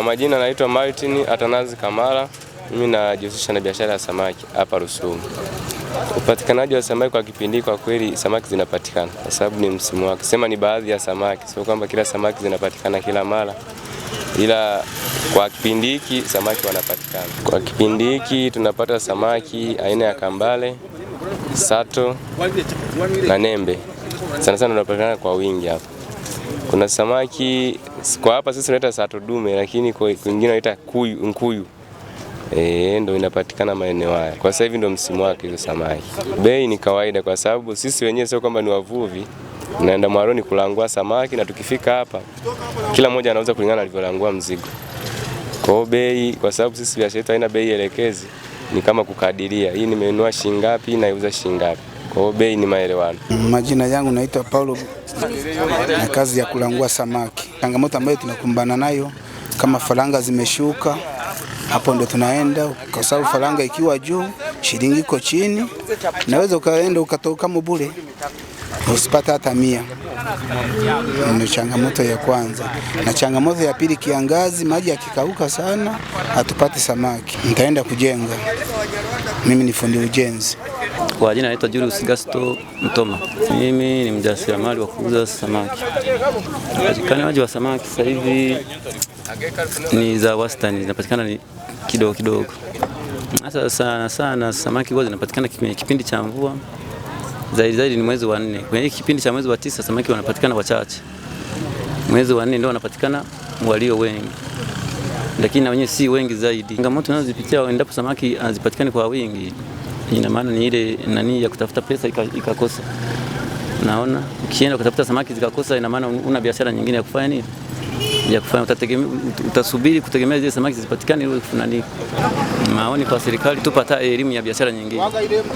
Kwa majina naitwa Martin Atanazi Kamara, mimi najihusisha na biashara ya samaki hapa Rusumo. Upatikanaji wa samaki kwa kipindi, kwa kweli samaki zinapatikana kwa sababu ni msimu wake, sema ni baadhi ya samaki, sio kwamba kila samaki zinapatikana kila mara, ila kwa kipindi hiki samaki wanapatikana. Kwa kipindi hiki tunapata samaki aina ya kambale, sato na nembe, sana sana wanapatikana kwa wingi hapa. Kuna samaki kwa hapa sisi tunaita sato dume, lakini kwa kwingine wanaita kuyu nkuyu. Eh, ndo inapatikana maeneo haya kwa sasa hivi, ndo msimu wake hizo samaki. Bei ni kawaida, kwa sababu sisi wenyewe sio kwamba ni wavuvi, naenda mwaroni kulangua samaki, na tukifika hapa kila mmoja anauza kulingana alivyolangua mzigo. Kwa hiyo bei, kwa sababu sisi biashara yetu haina bei elekezi, ni kama kukadiria, hii nimenunua shilingi ngapi, naiuza shilingi ngapi. Kwa hiyo bei ni maelewano. Majina yangu naitwa Paulo na kazi ya kulangua samaki. Changamoto ambayo tunakumbana nayo kama faranga zimeshuka, hapo ndo tunaenda, kwa sababu faranga ikiwa juu, shilingi iko chini, naweza ukaenda ukatoka mbule usipata hata mia. Ndio changamoto ya kwanza, na changamoto ya pili, kiangazi, maji yakikauka sana hatupati samaki. Nitaenda kujenga, mimi ni fundi ujenzi. Kwa jina naitwa Julius Gasto Mtoma. Mimi ni mjasiriamali wa kuuza samaki. Upatikanaji wa samaki sasa hivi ni za wastani, zinapatikana ni kidogo kidogo. Sasa sana sana samaki huwa zinapatikana kwenye kipindi cha mvua, zaidi zaidi ni mwezi wa nne. Kwenye kipindi cha mwezi wa tisa samaki wanapatikana wachache, mwezi wa nne ndio wanapatikana walio wengi lakini na wenyewe si wengi zaidi. Changamoto nazozipitia endapo samaki hazipatikani kwa wingi ina maana ni ile nani ya kutafuta pesa ikakosa. Naona ukienda kutafuta samaki zikakosa, ina maana una biashara nyingine ya kufanya nini ya kufanya utategemea, utasubiri kutegemea zile samaki zipatikane ili kufuna Maoni kwa serikali, tupata elimu ya biashara nyingine.